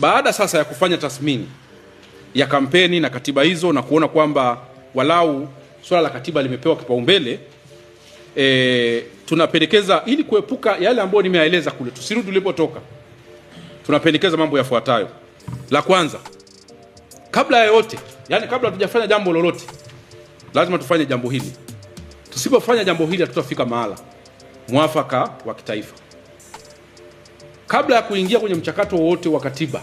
Baada sasa ya kufanya tathmini ya kampeni na katiba hizo na kuona kwamba walau swala la katiba limepewa kipaumbele, e, tunapendekeza ili kuepuka yale ambayo nimeaeleza kule, tusirudi tulipotoka. Tunapendekeza mambo yafuatayo. La kwanza, kabla ya yote, yani kabla hatujafanya jambo lolote, lazima tufanye jambo hili. Tusipofanya jambo hili, hatutafika mahala mwafaka wa kitaifa kabla ya kuingia kwenye mchakato wowote wa katiba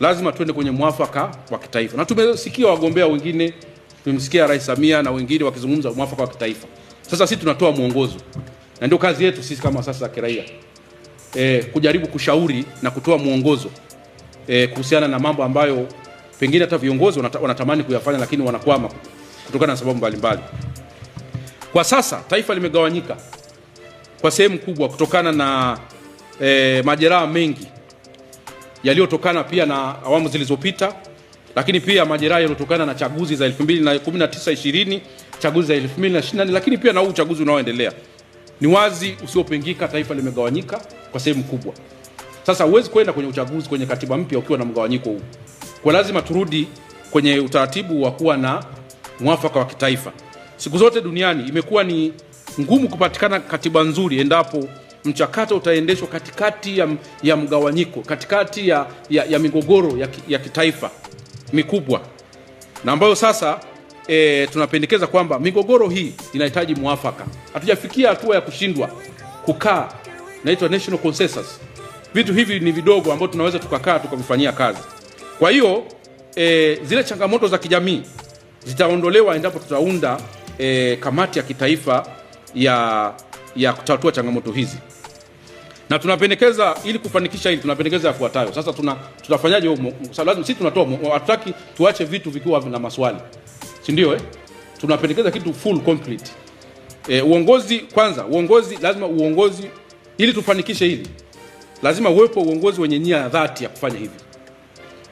lazima tuende kwenye mwafaka wa kitaifa, na tumesikia wagombea wengine, tumemsikia Rais Samia na wengine wakizungumza mwafaka wa kitaifa. Sasa sisi tunatoa mwongozo, na ndio kazi yetu sisi kama sasa kiraia e, kujaribu kushauri na kutoa mwongozo e, kuhusiana na mambo ambayo pengine hata viongozi wanatamani kuyafanya lakini wanakwama kutokana na sababu mbalimbali. Kwa sasa taifa limegawanyika kwa sehemu kubwa kutokana na e, majeraha mengi yaliyotokana pia na awamu zilizopita, lakini pia majeraha yaliyotokana na chaguzi za 2019 20, chaguzi za 2024, lakini pia na huu uchaguzi unaoendelea. Ni wazi usiopingika, taifa limegawanyika kwa sehemu kubwa. Sasa huwezi kwenda kwenye uchaguzi kwenye katiba mpya ukiwa na mgawanyiko huu, kwa lazima turudi kwenye utaratibu wa kuwa na mwafaka wa kitaifa. Siku zote duniani imekuwa ni ngumu kupatikana katiba nzuri endapo mchakato utaendeshwa katikati ya, ya mgawanyiko, katikati ya, ya, ya migogoro ya, ya kitaifa mikubwa na ambayo sasa e, tunapendekeza kwamba migogoro hii inahitaji mwafaka. Hatujafikia hatua ya kushindwa kukaa, naitwa national consensus. Vitu hivi ni vidogo ambao tunaweza tukakaa tukavifanyia kazi. Kwa hiyo e, zile changamoto za kijamii zitaondolewa endapo tutaunda e, kamati ya kitaifa ya ya kutatua changamoto hizi, na tunapendekeza ili kufanikisha hili, tunapendekeza yafuatayo. Sasa tuna tutafanyaje huko? Sababu lazima sisi tunatoa, hatutaki tuache vitu vikiwa na maswali, si ndio? Eh, tunapendekeza kitu full complete. e, uongozi kwanza, uongozi lazima uongozi, ili tufanikishe hili, lazima uwepo uongozi wenye nia ya dhati ya kufanya hivi.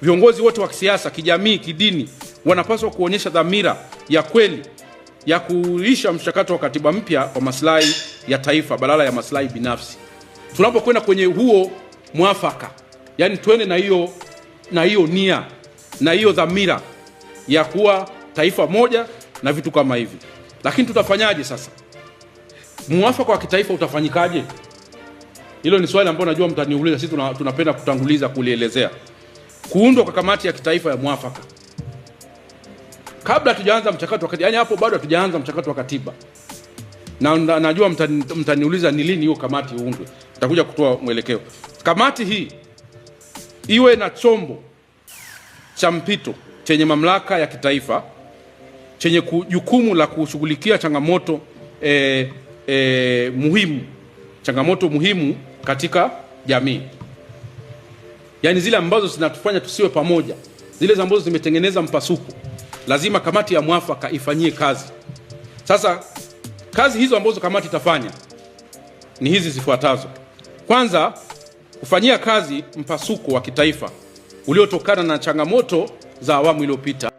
Viongozi wote wa kisiasa, kijamii, kidini wanapaswa kuonyesha dhamira ya kweli ya kuisha mchakato wa katiba mpya kwa maslahi ya taifa badala ya maslahi binafsi. Tunapokwenda kwenye huo mwafaka, yani twende na hiyo na hiyo nia na hiyo dhamira ya kuwa taifa moja na vitu kama hivi. Lakini tutafanyaje sasa? Mwafaka wa kitaifa utafanyikaje? Hilo ni swali ambalo najua mtaniuliza. Sisi tunapenda kutanguliza kulielezea kuundwa kwa kamati ya kitaifa ya mwafaka kabla hatujaanza mchakato wa katiba, yani hapo bado hatujaanza mchakato wa katiba na, na najua mtaniuliza mta ni lini hiyo kamati iundwe, nitakuja kutoa mwelekeo. Kamati hii iwe na chombo cha mpito chenye mamlaka ya kitaifa chenye jukumu la kushughulikia changamoto e, e, muhimu changamoto muhimu katika jamii, yaani zile ambazo zinatufanya tusiwe pamoja, zile ambazo zimetengeneza mpasuko, lazima kamati ya mwafaka ifanyie kazi. Sasa Kazi hizo ambazo kamati itafanya ni hizi zifuatazo. Kwanza, kufanyia kazi mpasuko wa kitaifa uliotokana na changamoto za awamu iliyopita.